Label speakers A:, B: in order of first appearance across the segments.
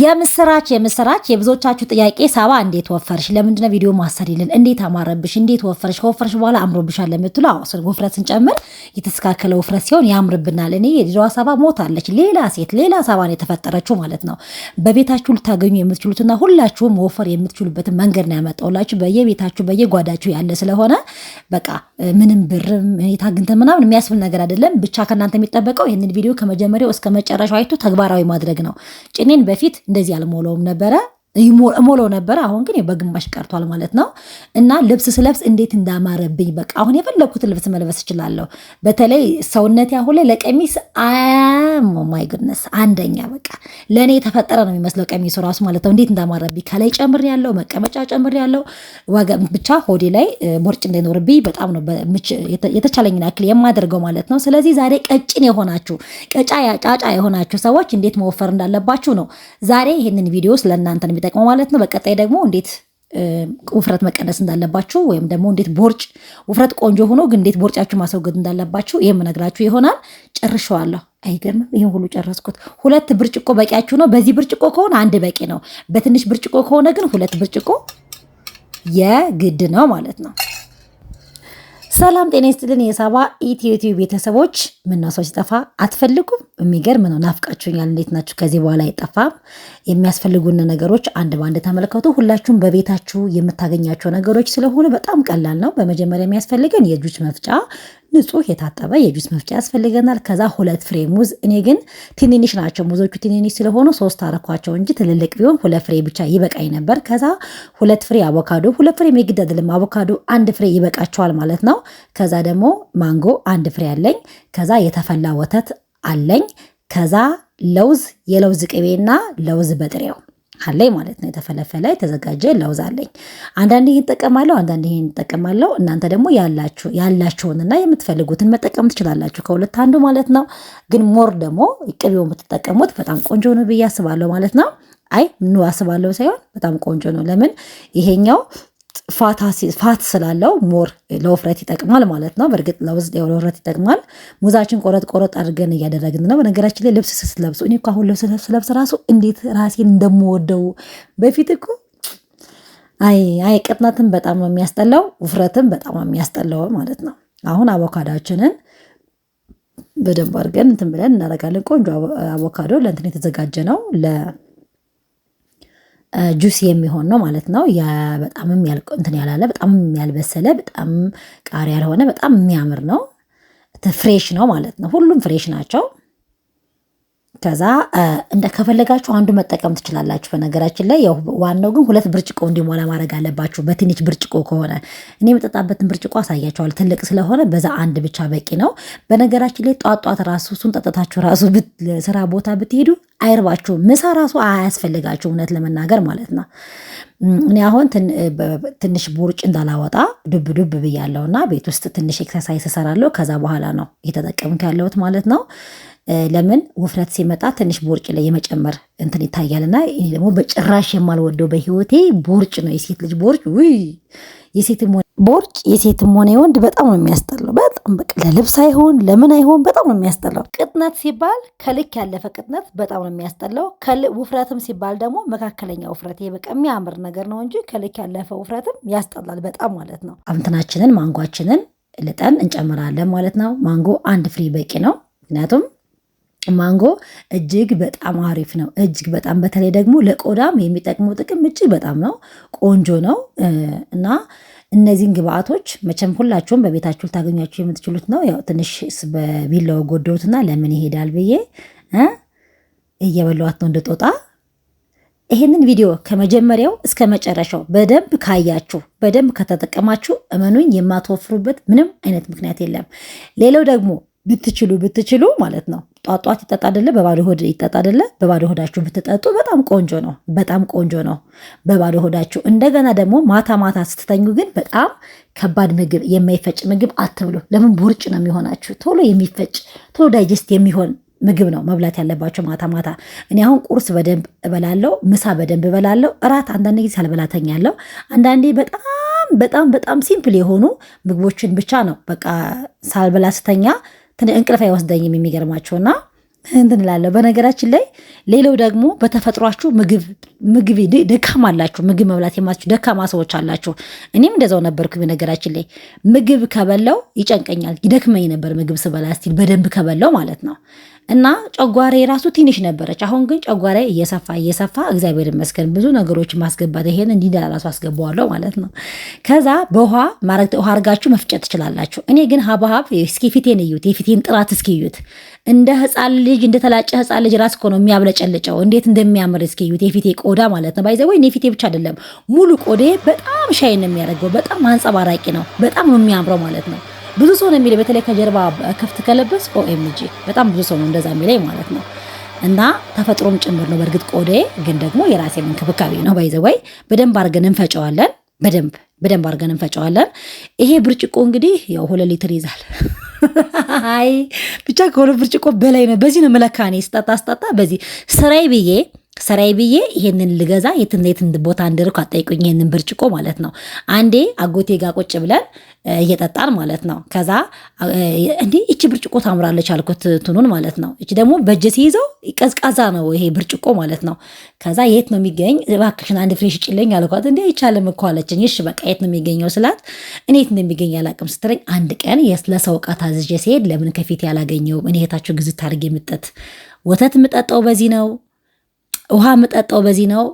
A: የምስራች የምስራች የብዙዎቻችሁ ጥያቄ ሳባ እንዴት ወፈርሽ? ለምንድነው ቪዲዮ ማሰሪልን? እንዴት አማረብሽ? እንዴት ወፈርሽ? ከወፈርሽ በኋላ አምሮብሻል ለምትሉ አዋስ ውፍረት ስንጨምር የተስተካከለ ውፍረት ሲሆን ያምርብናል። እኔ የድሮዋ ሳባ ሞታለች። ሌላ ሴት ሌላ ሳባ ነው የተፈጠረችው ማለት ነው። በቤታችሁ ልታገኙ የምትችሉትና ሁላችሁም ወፈር የምትችሉበትን መንገድ ነው ያመጣውላችሁ። በየቤታችሁ በየጓዳችሁ ያለ ስለሆነ በቃ ምንም ብርም ሁኔታ ግንተ ምናምን የሚያስብል ነገር አይደለም። ብቻ ከእናንተ የሚጠበቀው ይህንን ቪዲዮ ከመጀመሪያው እስከ መጨረሻው አይቶ ተግባራዊ ማድረግ ነው። ጭኔን በፊት እንደዚህ አልሞላውም ነበረ። ሞሎ ነበር። አሁን ግን በግማሽ ቀርቷል ማለት ነው። እና ልብስ ስለብስ እንዴት እንዳማረብኝ በቃ አሁን የፈለግኩት ልብስ መልበስ እችላለሁ። በተለይ ሰውነት ያሁ ላይ ለቀሚስ ማይ ጉድነስ አንደኛ በቃ ለእኔ የተፈጠረ ነው የሚመስለው ቀሚሱ ራሱ ማለት ነው። እንዴት እንዳማረብኝ ከላይ ጨምር ያለው መቀመጫ ጨምር ያለው ብቻ ሆዴ ላይ ቦርጭ እንዳይኖርብኝ በጣም ነው የተቻለኝን ያክል የማደርገው ማለት ነው። ስለዚህ ዛሬ ቀጭን የሆናችሁ ቀጫ ጫጫ የሆናችሁ ሰዎች እንዴት መወፈር እንዳለባችሁ ነው ዛሬ ይህንን ቪዲዮ ስለእናንተ የሚጠቅመው ማለት ነው። በቀጣይ ደግሞ እንዴት ውፍረት መቀነስ እንዳለባችሁ ወይም ደግሞ እንዴት ቦርጭ ውፍረት ቆንጆ ሆኖ ግን እንዴት ቦርጫችሁ ማስወገድ እንዳለባችሁ ይህም ነግራችሁ ይሆናል። ጨርሸዋለሁ። አይገርምም? ይህን ሁሉ ጨረስኩት። ሁለት ብርጭቆ በቂያችሁ ነው። በዚህ ብርጭቆ ከሆነ አንድ በቂ ነው። በትንሽ ብርጭቆ ከሆነ ግን ሁለት ብርጭቆ የግድ ነው ማለት ነው። ሰላም ጤና ይስጥልን። የሳባ ኢትዮ ቤተሰቦች ምነው ሰው ሲጠፋ አትፈልጉም? የሚገርም ነው። ናፍቃችሁኛል። እንዴት ናችሁ? ከዚህ በኋላ አይጠፋም። የሚያስፈልጉን ነገሮች አንድ በአንድ ተመልከቱ። ሁላችሁም በቤታችሁ የምታገኛቸው ነገሮች ስለሆኑ በጣም ቀላል ነው። በመጀመሪያ የሚያስፈልገን የጁስ መፍጫ ንጹህ የታጠበ የጁስ መፍጫ ያስፈልገናል። ከዛ ሁለት ፍሬ ሙዝ፣ እኔ ግን ትንንሽ ናቸው ሙዞቹ ትንንሽ ስለሆኑ ሶስት አረኳቸው እንጂ ትልልቅ ቢሆን ሁለት ፍሬ ብቻ ይበቃኝ ነበር። ከዛ ሁለት ፍሬ አቮካዶ፣ ሁለት ፍሬ የግድ አይደለም አቮካዶ አንድ ፍሬ ይበቃቸዋል ማለት ነው። ከዛ ደግሞ ማንጎ አንድ ፍሬ አለኝ። ከዛ የተፈላ ወተት አለኝ። ከዛ ለውዝ፣ የለውዝ ቅቤና ለውዝ በጥሬው አለኝ ማለት ነው። የተፈለፈለ የተዘጋጀ ለውዝ አለኝ። አንዳንድ ይህን እጠቀማለሁ፣ አንዳንድ ይህን እጠቀማለሁ። እናንተ ደግሞ ያላችሁንና የምትፈልጉትን መጠቀም ትችላላችሁ፣ ከሁለት አንዱ ማለት ነው። ግን ሞር ደግሞ ቅቤው የምትጠቀሙት በጣም ቆንጆ ነው ብዬ አስባለሁ ማለት ነው። አይ ኑ አስባለሁ ሳይሆን በጣም ቆንጆ ነው። ለምን ይሄኛው ፋት ስላለው ሞር ለውፍረት ይጠቅማል ማለት ነው። በእርግጥ ለውዝ ለውፍረት ይጠቅማል። ሙዛችን ቆረጥ ቆረጥ አድርገን እያደረግን ነው። በነገራችን ላይ ልብስ ስትለብሱ፣ እኔ እኮ አሁን ልብስ ስለብስ ራሱ እንዴት ራሴን እንደምወደው በፊት እኮ አይ አይ ቅጥነትን በጣም ነው የሚያስጠላው፣ ውፍረትን በጣም ነው የሚያስጠላው ማለት ነው። አሁን አቮካዳችንን በደንብ አድርገን እንትን ብለን እናደርጋለን። ቆንጆ አቮካዶ ለእንትን የተዘጋጀ ነው ለ ጁስ የሚሆን ነው ማለት ነው። በጣምም እንትን ያላለ በጣም ያልበሰለ በጣም ቃሪ ያልሆነ በጣም የሚያምር ነው። ፍሬሽ ነው ማለት ነው። ሁሉም ፍሬሽ ናቸው። ከዛ እንደ ከፈለጋችሁ አንዱ መጠቀም ትችላላችሁ። በነገራችን ላይ ያው ዋናው ግን ሁለት ብርጭቆ እንዲሞላ ማድረግ አለባችሁ። በትንሽ ብርጭቆ ከሆነ እኔ የምጠጣበትን ብርጭቆ አሳያቸዋል። ትልቅ ስለሆነ በዛ አንድ ብቻ በቂ ነው። በነገራችን ላይ ጧጧት ራሱ እሱን ጠጠታችሁ ራሱ ስራ ቦታ ብትሄዱ አይርባችሁም። ምሳ ራሱ አያስፈልጋችሁ እውነት ለመናገር ማለት ነው። እኔ አሁን ትንሽ ቦርጭ እንዳላወጣ ዱብ ዱብ ብያለሁ እና ቤት ውስጥ ትንሽ ኤክሰርሳይዝ እሰራለሁ። ከዛ በኋላ ነው እየተጠቀምኩ ያለሁት ማለት ነው። ለምን ውፍረት ሲመጣ ትንሽ ቦርጭ ላይ የመጨመር እንትን ይታያልና፣ ይህ ደግሞ በጭራሽ የማልወደው በህይወቴ ቦርጭ ነው። የሴት ልጅ ቦርጭ ውይ የሴትም ቦርጭ የሴትም ሆነ የወንድ በጣም ነው የሚያስጠላው። በጣም በቃ ለልብስ አይሆን ለምን አይሆን በጣም ነው የሚያስጠላው። ቅጥነት ሲባል ከልክ ያለፈ ቅጥነት በጣም ነው የሚያስጠላው። ውፍረትም ሲባል ደግሞ መካከለኛ ውፍረት፣ ይሄ በቃ የሚያምር ነገር ነው እንጂ ከልክ ያለፈ ውፍረትም ያስጠላል በጣም ማለት ነው። እንትናችንን ማንጓችንን ልጠን እንጨምራለን ማለት ነው። ማንጎ አንድ ፍሬ በቂ ነው። ምክንያቱም ማንጎ እጅግ በጣም አሪፍ ነው። እጅግ በጣም በተለይ ደግሞ ለቆዳም የሚጠቅመው ጥቅም እጅግ በጣም ነው ቆንጆ ነው እና እነዚህን ግብአቶች መቼም ሁላችሁም በቤታችሁ ልታገኟቸው የምትችሉት ነው። ያው ትንሽ በቢላው ጎደውትና ለምን ይሄዳል ብዬ እየበላዋት ነው እንደ ይህንን ቪዲዮ ከመጀመሪያው እስከ መጨረሻው በደንብ ካያችሁ በደንብ ከተጠቀማችሁ እመኑኝ የማትወፍሩበት ምንም አይነት ምክንያት የለም። ሌላው ደግሞ ብትችሉ ብትችሉ ማለት ነው ጧጧት ይጠጣ አደለ? በባዶ ሆድ ይጠጣ አደለ? በባዶ ሆዳችሁ ብትጠጡ በጣም ቆንጆ ነው። በጣም ቆንጆ ነው በባዶ ሆዳችሁ። እንደገና ደግሞ ማታ ማታ ስትተኙ ግን በጣም ከባድ ምግብ፣ የማይፈጭ ምግብ አትብሉ። ለምን ቦርጭ ነው የሚሆናችሁ። ቶሎ የሚፈጭ ቶሎ ዳይጀስት የሚሆን ምግብ ነው መብላት ያለባቸው ማታ ማታ። እኔ አሁን ቁርስ በደንብ እበላለሁ፣ ምሳ በደንብ እበላለሁ፣ እራት አንዳንድ ጊዜ ሳልበላ አንዳንዴ በጣም በጣም በጣም ሲምፕል የሆኑ ምግቦችን ብቻ ነው በቃ ሳልበላ ስተኛ እንቅልፍ አይወስደኝም የሚገርማቸውና እንትንላለሁ በነገራችን ላይ ሌላው ደግሞ በተፈጥሯችሁ ምግብ ደካማ አላችሁ፣ ምግብ መብላት የማችሁ ደካማ ሰዎች አላችሁ። እኔም እንደዛው ነበርኩ። በነገራችን ላይ ምግብ ከበላው ይጨንቀኛል፣ ይደክመኝ ነበር ምግብ ስበላ ስቲል በደንብ ከበላው ማለት ነው። እና ጨጓሬ ራሱ ትንሽ ነበረች። አሁን ግን ጨጓሬ እየሰፋ እየሰፋ እግዚአብሔር ይመስገን ብዙ ነገሮች ማስገባት ይሄን እንዲዳ ራሱ አስገባዋለሁ ማለት ነው። ከዛ በውሃ ማረግ ውሃ አርጋችሁ መፍጨት ትችላላችሁ። እኔ ግን ሀብሀብ እስኪ ፊቴን እዩት፣ የፊቴን ጥራት እስኪ እዩት እንደ ህፃን ልጅ እንደተላጨ ህፃን ልጅ ራስ እኮ ነው የሚያብለጨልጨው። እንዴት እንደሚያምር እስኪ እዩት። የፊቴ ቆዳ ማለት ነው ባይዘ ወይ ፊቴ ብቻ አይደለም ሙሉ ቆዴ በጣም ሻይ ነው የሚያደርገው። በጣም አንጸባራቂ ነው። በጣም ነው የሚያምረው ማለት ነው። ብዙ ሰው ነው የሚለው በተለይ ከጀርባ ክፍት ከለበስ ኦኤምጂ በጣም ብዙ ሰው ነው እንደዛ የሚለኝ ማለት ነው። እና ተፈጥሮም ጭምር ነው በእርግጥ ቆዴ፣ ግን ደግሞ የራሴ እንክብካቤ ነው ባይዘ ወይ በደንብ አድርገን እንፈጨዋለን። በደንብ በደንብ አድርገን እንፈጨዋለን። ይሄ ብርጭቆ እንግዲህ ያው ሁለት ሊትር ይዛል። አይ ብቻ ከሆነ ብርጭቆ በላይ ነው። በዚህ ነው መለካኔ ስጠጣ ስጠጣ በዚህ ስራይ ብዬ ሰራይ ብዬ ይሄንን ልገዛ የትንትን ቦታ እንድርኩ አጠይቁኝ። ይሄንን ብርጭቆ ማለት ነው። አንዴ አጎቴ ጋር ቁጭ ብለን እየጠጣን ማለት ነው። ከዛ እንዴ እቺ ብርጭቆ ታምራለች አልኩት፣ ትኑን ማለት ነው። እቺ ደግሞ በእጅ ሲይዘው ቀዝቃዛ ነው ይሄ ብርጭቆ ማለት ነው። ከዛ የት ነው የሚገኝ እባክሽን አንድ ፍሬሽ ጭልኝ አልኳት። እንዴ አይቻልም እኮ አለችኝ። እሺ በቃ የት ነው የሚገኘው ስላት እኔ የት እንደሚገኝ አላቅም ስትለኝ፣ አንድ ቀን ለሰው ዕቃ ታዝዤ ሲሄድ ለምን ከፊት ያላገኘው እኔ የታቸው ግዝት አድርጌ ምጠት ወተት ምጠጣው በዚህ ነው ውሃ የምጠጣው በዚህ ነው።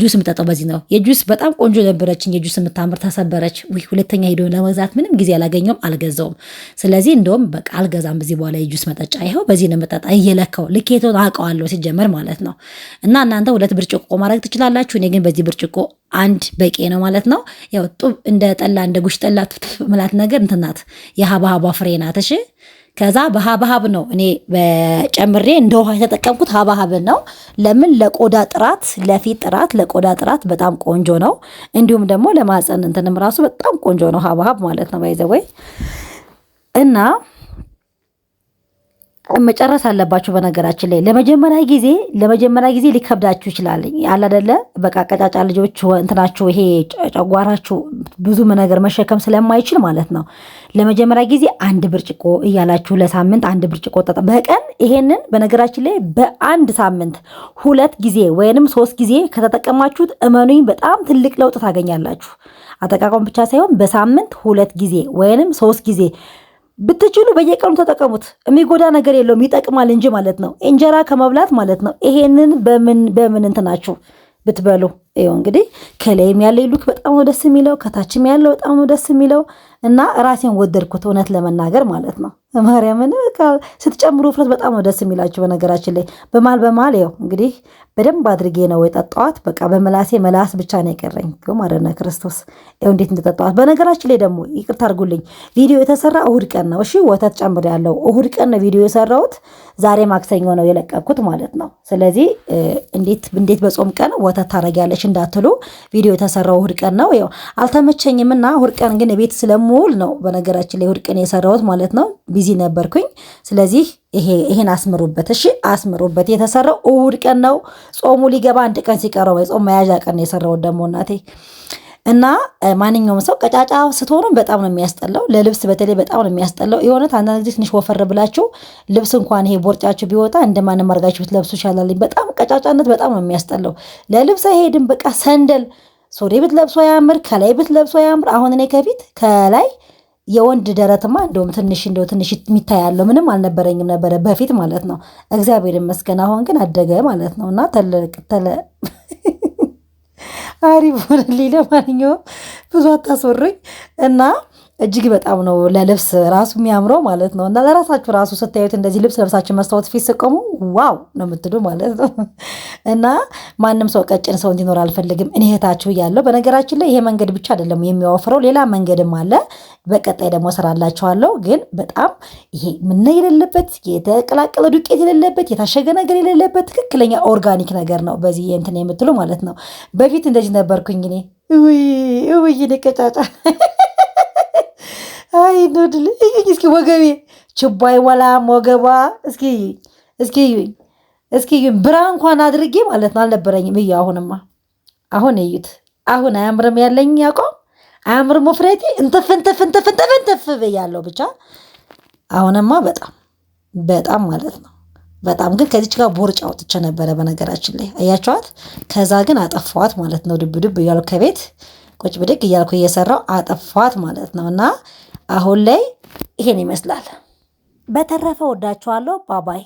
A: ጁስ የምጠጣው በዚህ ነው። የጁስ በጣም ቆንጆ ነበረችኝ። የጁስ የምታምር ተሰበረች። ሁለተኛ ሄዶ ለመግዛት ምንም ጊዜ አላገኘውም፣ አልገዛውም። ስለዚህ እንደውም በቃ አልገዛም በዚህ በኋላ የጁስ መጠጫ ይኸው በዚህ ነው መጠጣ እየለካው ልኬቶን አውቀዋለሁ ሲጀመር ማለት ነው። እና እናንተ ሁለት ብርጭቆ ማድረግ ትችላላችሁ። እኔ ግን በዚህ ብርጭቆ አንድ በቂ ነው ማለት ነው። ያው ጡብ እንደ ጠላ እንደ ጉሽ ጠላ ምላት ነገር እንትናት የሀባሀባ ፍሬ ናት። እሺ ከዛ በሀብሀብ ነው እኔ ጨምሬ እንደ ውሃ የተጠቀምኩት ሀብሀብን ነው። ለምን ለቆዳ ጥራት፣ ለፊት ጥራት፣ ለቆዳ ጥራት በጣም ቆንጆ ነው። እንዲሁም ደግሞ ለማፀን እንትንም ራሱ በጣም ቆንጆ ነው ሀብሀብ ማለት ነው። ባይዘወይ እና መጨረስ አለባችሁ። በነገራችን ላይ ለመጀመሪያ ጊዜ ለመጀመሪያ ጊዜ ሊከብዳችሁ ይችላል። አለ አይደለ በቃ ቀጫጫ ልጆች እንትናችሁ ይሄ ጨጓራችሁ ብዙ ነገር መሸከም ስለማይችል ማለት ነው። ለመጀመሪያ ጊዜ አንድ ብርጭቆ እያላችሁ ለሳምንት አንድ ብርጭቆ ጠጣ በቀን ይሄንን በነገራችን ላይ በአንድ ሳምንት ሁለት ጊዜ ወይንም ሶስት ጊዜ ከተጠቀማችሁት እመኑኝ በጣም ትልቅ ለውጥ ታገኛላችሁ። አጠቃቀም ብቻ ሳይሆን በሳምንት ሁለት ጊዜ ወይንም ሶስት ጊዜ ብትችሉ በየቀኑ ተጠቀሙት። የሚጎዳ ነገር የለውም ይጠቅማል እንጂ ማለት ነው። እንጀራ ከመብላት ማለት ነው። ይሄንን በምን በምን እንትናችሁ ብትበሉ ይኸው እንግዲህ ከላይም ያለ ሉክ በጣም ነው ደስ የሚለው፣ ከታችም ያለው በጣም ነው ደስ የሚለው እና ራሴን ወደድኩት እውነት ለመናገር ማለት ነው። ማርያምን ስትጨምሩ ውፍረት በጣም ነው ደስ የሚላችሁ። በነገራችን ላይ በማል በማል ያው እንግዲህ በደንብ አድርጌ ነው የጠጣዋት። በቃ በመላሴ መላስ ብቻ ነው የቀረኝ ማረነ ክርስቶስ ው እንዴት እንደጠጣዋት። በነገራችን ላይ ደግሞ ይቅርታ አድርጉልኝ ቪዲዮ የተሰራ እሁድ ቀን ነው። እሺ ወተት ጨምር ያለው እሁድ ቀን ነው ቪዲዮ የሰራሁት። ዛሬ ማክሰኞ ነው የለቀኩት ማለት ነው። ስለዚህ እንዴት እንዴት በጾም ቀን ወተት ታረጊያለሽ እንዳትሉ ቪዲዮ የተሰራው እሑድ ቀን ነው። ያው አልተመቸኝም እና እሑድ ቀን ግን ቤት ስለምውል ነው። በነገራችን ላይ እሑድ ቀን የሰራሁት ማለት ነው። ቢዚ ነበርኩኝ። ስለዚህ ይሄን አስምሩበት፣ እሺ አስምሩበት። የተሰራው እሑድ ቀን ነው። ጾሙ ሊገባ አንድ ቀን ሲቀረው፣ ጾም መያዣ ቀን የሰራሁት ደግሞ እናቴ እና ማንኛውም ሰው ቀጫጫ ስትሆኑም በጣም ነው የሚያስጠላው። ለልብስ በተለይ በጣም ነው የሚያስጠላው። የሆነት አንዳንድ ጊዜ ትንሽ ወፈር ብላችሁ ልብስ እንኳን ይሄ ቦርጫችሁ ቢወጣ እንደማንም አድርጋችሁ ብትለብሱ ይሻላልኝ። በጣም ቀጫጫነት በጣም ነው የሚያስጠላው። ለልብስ አይሄድም። በቃ ሰንደል ሶሪ ብትለብሱ ያምር፣ ከላይ ብትለብሱ ያምር። አሁን እኔ ከፊት ከላይ የወንድ ደረትማ እንደውም ትንሽ እንደ ትንሽ የሚታያለው ምንም አልነበረኝም ነበረ በፊት ማለት ነው። እግዚአብሔር ይመስገን አሁን ግን አደገ ማለት ነው እና ተለ አሪፍ ሆነልኝ። ለማንኛውም ብዙ አታስወሩኝ እና እጅግ በጣም ነው ለልብስ ራሱ የሚያምረው ማለት ነው። እና ለራሳችሁ ራሱ ስታዩት እንደዚህ ልብስ ለብሳችሁ መስታወት ፊት ስቆሙ ዋው ነው የምትሉ ማለት ነው። እና ማንም ሰው ቀጭን ሰው እንዲኖር አልፈልግም። እኔ እህታችሁ እያለሁ በነገራችን ላይ ይሄ መንገድ ብቻ አይደለም የሚወፍረው ሌላ መንገድም አለ። በቀጣይ ደግሞ እሰራላችኋለሁ። ግን በጣም ይሄ ምና የሌለበት የተቀላቀለ ዱቄት የሌለበት የታሸገ ነገር የሌለበት ትክክለኛ ኦርጋኒክ ነገር ነው። በዚህ እንትን የምትሉ ማለት ነው። በፊት እንደዚህ ነበርኩኝ እኔ ውይ ውይ ቀጫጫ አይ ዱድል እዩኝ እስኪ ወገቤ ችቦ አይወላም ወገቧ። እስኪ እዩኝ እስኪ እዩኝ እስኪ እዩኝ ብራ እንኳን አድርጌ ማለት ነው አልነበረኝም። እዩ አሁንማ አሁን እዩት። አሁን አያምርም ያለኝ አቋም አያምርም ወፍሬቴ እንትፍ እንትፍ እንትፍ እንትፍ እንትፍ ብያለሁ። ብቻ አሁንማ በጣም በጣም ማለት ነው በጣም ግን ከዚች ጋር ቦርጭ አውጥቼ ነበረ በነገራችን ላይ አያቸዋት። ከዛ ግን አጠፋዋት ማለት ነው። ድብ ድብ እያልኩ ከቤት ቁጭ ብድግ እያልኩ እየሰራው አጠፋዋት ማለት ነው እና አሁን ላይ ይሄን ይመስላል። በተረፈ ወዳችኋለሁ። ባባይ